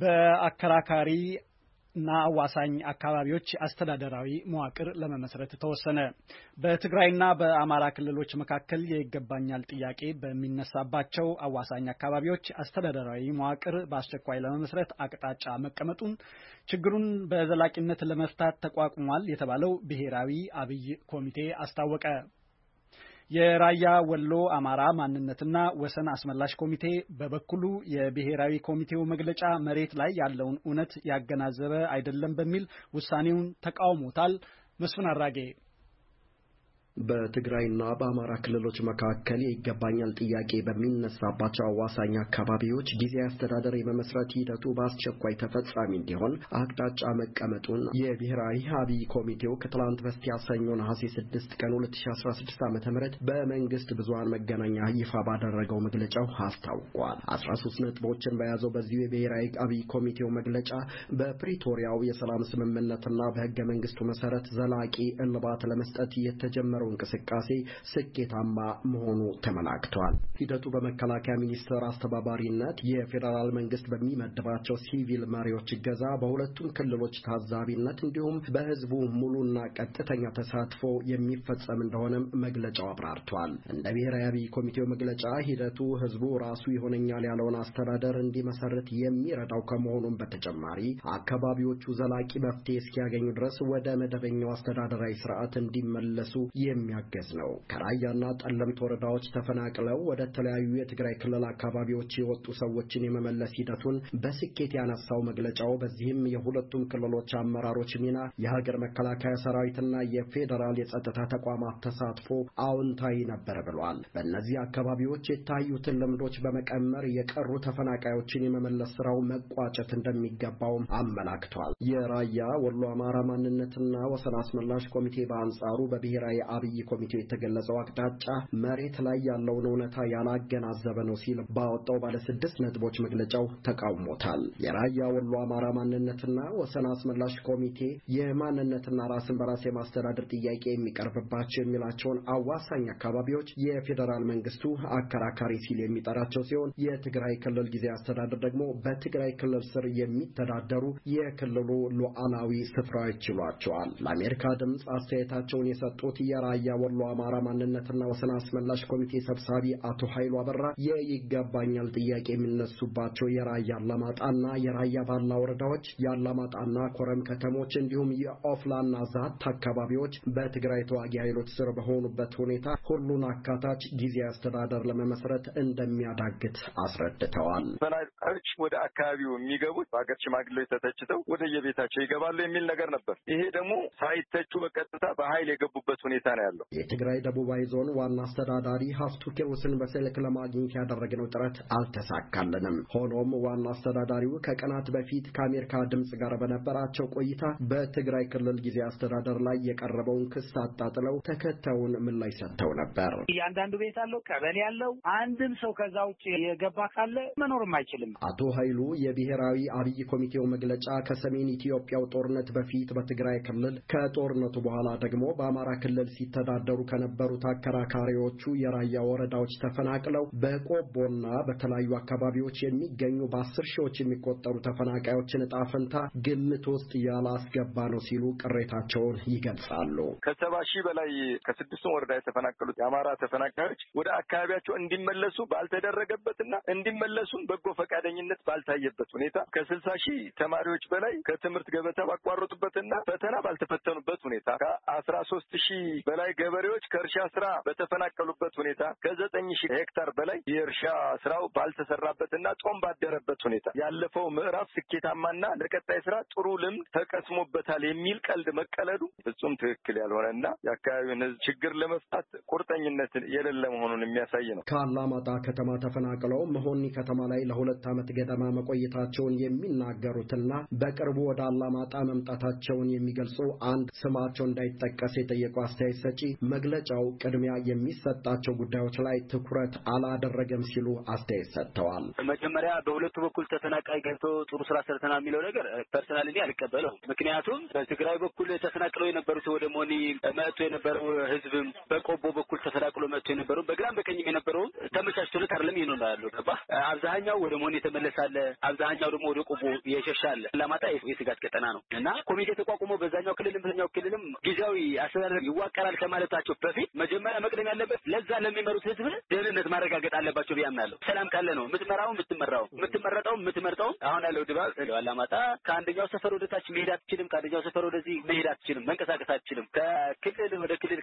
በአከራካሪ እና አዋሳኝ አካባቢዎች አስተዳደራዊ መዋቅር ለመመስረት ተወሰነ። በትግራይና በአማራ ክልሎች መካከል የይገባኛል ጥያቄ በሚነሳባቸው አዋሳኝ አካባቢዎች አስተዳደራዊ መዋቅር በአስቸኳይ ለመመስረት አቅጣጫ መቀመጡን ችግሩን በዘላቂነት ለመፍታት ተቋቁሟል የተባለው ብሔራዊ አብይ ኮሚቴ አስታወቀ። የራያ ወሎ አማራ ማንነትና ወሰን አስመላሽ ኮሚቴ በበኩሉ የብሔራዊ ኮሚቴው መግለጫ መሬት ላይ ያለውን እውነት ያገናዘበ አይደለም በሚል ውሳኔውን ተቃውሞታል። መስፍን አራጌ በትግራይና በአማራ ክልሎች መካከል የይገባኛል ጥያቄ በሚነሳባቸው አዋሳኝ አካባቢዎች ጊዜያዊ አስተዳደር የመመስረት ሂደቱ በአስቸኳይ ተፈጻሚ እንዲሆን አቅጣጫ መቀመጡን የብሔራዊ አብይ ኮሚቴው ከትላንት በስቲያ ሰኞ ነሐሴ 6 ቀን 2016 ዓ ም በመንግስት ብዙሀን መገናኛ ይፋ ባደረገው መግለጫው አስታውቋል። 13 ነጥቦችን በያዘው በዚሁ የብሔራዊ አብይ ኮሚቴው መግለጫ በፕሪቶሪያው የሰላም ስምምነትና በህገ መንግስቱ መሰረት ዘላቂ እልባት ለመስጠት የተጀመረው እንቅስቃሴ ስኬታማ መሆኑ ተመላክቷል። ሂደቱ በመከላከያ ሚኒስቴር አስተባባሪነት የፌዴራል መንግስት በሚመድባቸው ሲቪል መሪዎች እገዛ በሁለቱም ክልሎች ታዛቢነት እንዲሁም በህዝቡ ሙሉና ቀጥተኛ ተሳትፎ የሚፈጸም እንደሆነም መግለጫው አብራርቷል። እንደ ብሔራዊ ኮሚቴው መግለጫ ሂደቱ ህዝቡ ራሱ ይሆነኛል ያለውን አስተዳደር እንዲመሰርት የሚረዳው ከመሆኑም በተጨማሪ አካባቢዎቹ ዘላቂ መፍትሄ እስኪያገኙ ድረስ ወደ መደበኛው አስተዳደራዊ ስርዓት እንዲመለሱ የሚያገዝ ነው። ከራያና ጠለምት ወረዳዎች ተፈናቅለው ወደ ተለያዩ የትግራይ ክልል አካባቢዎች የወጡ ሰዎችን የመመለስ ሂደቱን በስኬት ያነሳው መግለጫው በዚህም የሁለቱም ክልሎች አመራሮች ሚና፣ የሀገር መከላከያ ሰራዊትና የፌዴራል የጸጥታ ተቋማት ተሳትፎ አዎንታዊ ነበር ብሏል። በእነዚህ አካባቢዎች የታዩትን ልምዶች በመቀመር የቀሩ ተፈናቃዮችን የመመለስ ስራው መቋጨት እንደሚገባውም አመላክቷል። የራያ ወሎ አማራ ማንነትና ወሰን አስመላሽ ኮሚቴ በአንጻሩ በብሔራዊ አብ በአብይ ኮሚቴው የተገለጸው አቅጣጫ መሬት ላይ ያለውን እውነታ ያላገናዘበ ነው ሲል ባወጣው ባለ ስድስት ነጥቦች መግለጫው ተቃውሞታል። የራያ ወሎ አማራ ማንነትና ወሰን አስመላሽ ኮሚቴ የማንነትና ራስን በራስ የማስተዳደር ጥያቄ የሚቀርብባቸው የሚላቸውን አዋሳኝ አካባቢዎች የፌዴራል መንግስቱ አከራካሪ ሲል የሚጠራቸው ሲሆን የትግራይ ክልል ጊዜ አስተዳደር ደግሞ በትግራይ ክልል ስር የሚተዳደሩ የክልሉ ሉዓላዊ ስፍራዎች ይሏቸዋል። ለአሜሪካ ድምፅ አስተያየታቸውን የሰጡት የራ ራያ ወሎ አማራ ማንነትና ወሰን አስመላሽ ኮሚቴ ሰብሳቢ አቶ ኃይሉ አበራ የይገባኛል ጥያቄ የሚነሱባቸው የራያ አላማጣና የራያ ባላ ወረዳዎች የአላማጣና ኮረም ከተሞች እንዲሁም የኦፍላና ዛት አካባቢዎች በትግራይ ተዋጊ ኃይሎች ስር በሆኑበት ሁኔታ ሁሉን አካታች ጊዜያዊ አስተዳደር ለመመስረት እንደሚያዳግት አስረድተዋል። ሰናች ወደ አካባቢው የሚገቡት በሀገር ሽማግሌዎች ተተችተው ወደ የቤታቸው ይገባሉ የሚል ነገር ነበር። ይሄ ደግሞ ሳይተቹ በቀጥታ በኃይል የገቡበት ሁኔታ ነው ያለው። የትግራይ ደቡባዊ ዞን ዋና አስተዳዳሪ ሀፍቱ ኪሩስን በስልክ ለማግኘት ያደረግነው ጥረት አልተሳካልንም። ሆኖም ዋና አስተዳዳሪው ከቀናት በፊት ከአሜሪካ ድምፅ ጋር በነበራቸው ቆይታ በትግራይ ክልል ጊዜ አስተዳደር ላይ የቀረበውን ክስ አጣጥለው ተከታዩን ምላሽ ሰጥተው ነበር። እያንዳንዱ ቤት አለው፣ ቀበሌ ያለው አንድም ሰው ከዛ ውጭ የገባ ካለ መኖርም አይችልም። አቶ ኃይሉ የብሔራዊ አብይ ኮሚቴው መግለጫ ከሰሜን ኢትዮጵያው ጦርነት በፊት በትግራይ ክልል ከጦርነቱ በኋላ ደግሞ በአማራ ክልል ሲ ሲተዳደሩ ከነበሩት አከራካሪዎቹ የራያ ወረዳዎች ተፈናቅለው በቆቦና በተለያዩ አካባቢዎች የሚገኙ በአስር ሺዎች የሚቆጠሩ ተፈናቃዮችን እጣ ፈንታ ግምት ውስጥ ያላስገባ ነው ሲሉ ቅሬታቸውን ይገልጻሉ። ከሰባ ሺህ በላይ ከስድስቱም ወረዳ የተፈናቀሉት የአማራ ተፈናቃዮች ወደ አካባቢያቸው እንዲመለሱ ባልተደረገበትና እንዲመለሱም በጎ ፈቃደኝነት ባልታየበት ሁኔታ ከስልሳ ሺህ ተማሪዎች በላይ ከትምህርት ገበታ ባቋረጡበትና ፈተና ባልተፈተኑበት ሁኔታ ከአስራ ሶስት ሺህ በላይ ገበሬዎች ከእርሻ ስራ በተፈናቀሉበት ሁኔታ ከዘጠኝ ሺህ ሄክታር በላይ የእርሻ ስራው ባልተሰራበትና ጦም ባደረበት ሁኔታ ያለፈው ምዕራፍ ስኬታማና ለቀጣይ ስራ ጥሩ ልምድ ተቀስሞበታል የሚል ቀልድ መቀለዱ ፍጹም ትክክል ያልሆነና የአካባቢውን ህዝብ ችግር ለመፍታት ቁርጠኝነት የሌለ መሆኑን የሚያሳይ ነው። ከአላማጣ ከተማ ተፈናቅለው መሆኒ ከተማ ላይ ለሁለት ዓመት ገደማ መቆየታቸውን የሚናገሩትና በቅርቡ ወደ አላማጣ መምጣታቸውን የሚገልጹ አንድ ስማቸው እንዳይጠቀስ የጠየቁ አስተያየት ሰጪ መግለጫው ቅድሚያ የሚሰጣቸው ጉዳዮች ላይ ትኩረት አላደረገም ሲሉ አስተያየት ሰጥተዋል። መጀመሪያ በሁለቱ በኩል ተፈናቃይ ገብቶ ጥሩ ስራ ሰርተናል የሚለው ነገር ፐርሰናል እኔ አልቀበለው። ምክንያቱም በትግራይ በኩል ተፈናቅለው የነበሩት ወደ ሞኒ መጥቶ የነበረው ህዝብም በቆቦ በኩል ተፈናቅሎ መጥቶ የነበረው በግራም በቀኝም የነበረውም ተመቻችቶለት አይደለም ይኖ ያለው ገባ። አብዛኛው ወደ ሞኒ የተመለሳለ፣ አብዛኛው ደግሞ ወደ ቆቦ የሸሻለ። አላማጣ የስጋት ቀጠና ነው እና ኮሚቴ ተቋቁሞ በዛኛው ክልልም በዛኛው ክልልም ጊዜያዊ አስተዳደር ይዋቀራል ከማለታቸው በፊት መጀመሪያ መቅደም ያለበት ለዛ ለሚመሩት ህዝብ ደህንነት ማረጋገጥ አለባቸው ብዬ ሰላም ካለ ነው የምትመራው የምትመራው የምትመርጠውን አሁን ያለው ድባብ አላማጣ ከአንደኛው ሰፈር ወደታች መሄድ አትችልም። ከአንደኛው ሰፈር ወደዚህ መሄድ አትችልም። መንቀሳቀስ አትችልም። ከክልል ወደ ክልል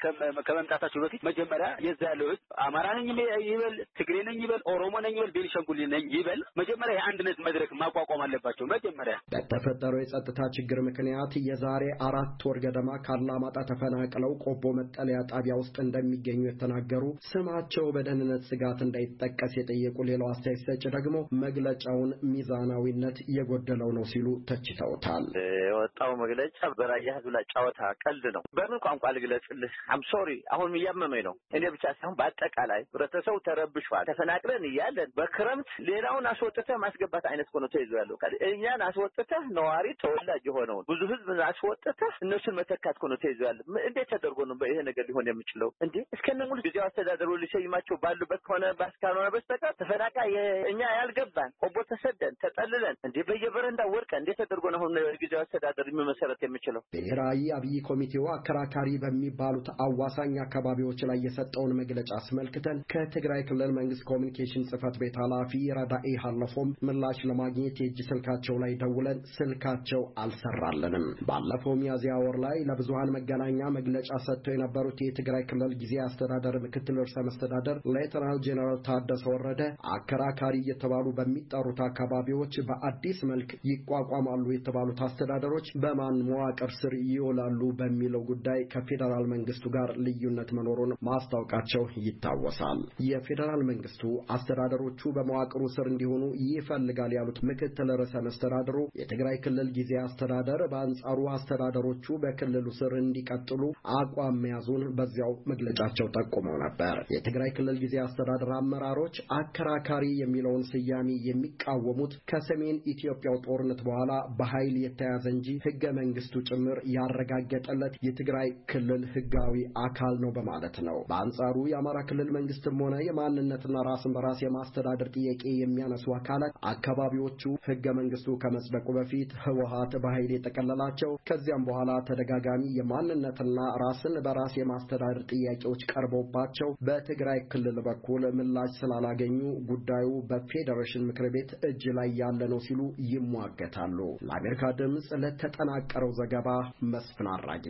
ከመምጣታቸው በፊት መጀመሪያ የዛ ያለው ህዝብ አማራ ነኝ ይበል፣ ትግሬ ነኝ ይበል፣ ኦሮሞ ነኝ ይበል፣ ቤኒሻንጉል ነኝ ይበል፣ መጀመሪያ የአንድነት መድረክ ማቋቋም አለባቸው። መጀመሪያ በተፈጠረው የጸጥታ ችግር ምክንያት የዛሬ አራት ወር ገደማ ከአላማጣ ተፈናቅለው ቆቦ መጠለያ ጣቢያ ውስጥ እንደሚገኙ የተናገሩ ስማቸው በደህንነት ስጋት እንዳይጠቀስ የጠየቁ ሌላው አስተያየት ሰጭ ደግሞ መግለጫውን ሚዛናዊነት የጎደለው ነው ሲሉ ተችተውታል። የወጣው መግለጫ በራያ ህዝብ ላይ ጨዋታ ቀልድ ነው። በምን ቋንቋ ልግለጽልህ? አም ሶሪ አሁን እያመመኝ ነው። እኔ ብቻ ሳይሆን በአጠቃላይ ህብረተሰቡ ተረብሿል። ተፈናቅለን እያለን በክረምት ሌላውን አስወጥተህ ማስገባት አይነት ሆኖ ተይዞ ያለው እኛን አስወጥተህ ነዋሪ ተወላጅ የሆነውን ብዙ ህዝብ አስወጥተህ እነሱን መተካት ሆኖ ተይዞ ያለ እንዴት ተደርጎ ነው ይሄ ነገር ሊሆን የምችለው? እንዴ እስከነ ሙሉ ጊዜው አስተዳደሩ ሊሰይማቸው ባሉበት ከሆነ ባስካልሆነ በስተቀር ተፈናቃይ እኛ ያልገባን ቆቦ ተሰ ተሰደን ተጠልለን እንዲህ በየበረንዳ ወድቀን እንዴት ተደርጎ ነው አሁን ጊዜያዊ አስተዳደር የሚመሰረት የምችለው? ብሔራዊ አብይ ኮሚቴው አከራካሪ በሚባሉት አዋሳኝ አካባቢዎች ላይ የሰጠውን መግለጫ አስመልክተን ከትግራይ ክልል መንግስት ኮሚኒኬሽን ጽህፈት ቤት ኃላፊ ረዳኤ ሀለፎም ምላሽ ለማግኘት የእጅ ስልካቸው ላይ ደውለን ስልካቸው አልሰራለንም። ባለፈው ሚያዝያ ወር ላይ ለብዙሀን መገናኛ መግለጫ ሰጥተው የነበሩት የትግራይ ክልል ጊዜያዊ አስተዳደር ምክትል ርዕሰ መስተዳደር ሌተናል ጄኔራል ታደሰ ወረደ አከራካሪ እየተባሉ በሚጠሩት አካባቢ አካባቢዎች በአዲስ መልክ ይቋቋማሉ የተባሉት አስተዳደሮች በማን መዋቅር ስር ይውላሉ በሚለው ጉዳይ ከፌዴራል መንግስቱ ጋር ልዩነት መኖሩን ማስታወቃቸው ይታወሳል። የፌዴራል መንግስቱ አስተዳደሮቹ በመዋቅሩ ስር እንዲሆኑ ይፈልጋል ያሉት ምክትል ርዕሰ መስተዳድሩ የትግራይ ክልል ጊዜ አስተዳደር በአንጻሩ አስተዳደሮቹ በክልሉ ስር እንዲቀጥሉ አቋም መያዙን በዚያው መግለጫቸው ጠቁመው ነበር። የትግራይ ክልል ጊዜ አስተዳደር አመራሮች አከራካሪ የሚለውን ስያሜ የሚቃወሙ የቆሙት ከሰሜን ኢትዮጵያው ጦርነት በኋላ በኃይል የተያዘ እንጂ ህገ መንግስቱ ጭምር ያረጋገጠለት የትግራይ ክልል ህጋዊ አካል ነው በማለት ነው። በአንጻሩ የአማራ ክልል መንግስትም ሆነ የማንነትና ራስን በራስ የማስተዳደር ጥያቄ የሚያነሱ አካላት አካባቢዎቹ ህገ መንግስቱ ከመጽደቁ በፊት ህወሀት በኃይል የጠቀለላቸው ከዚያም በኋላ ተደጋጋሚ የማንነትና ራስን በራስ የማስተዳደር ጥያቄዎች ቀርቦባቸው በትግራይ ክልል በኩል ምላሽ ስላላገኙ ጉዳዩ በፌዴሬሽን ምክር ቤት እጅ እጅ ላይ ያለ ነው ሲሉ ይሟገታሉ። ለአሜሪካ ድምፅ ለተጠናቀረው ዘገባ መስፍን አራጌ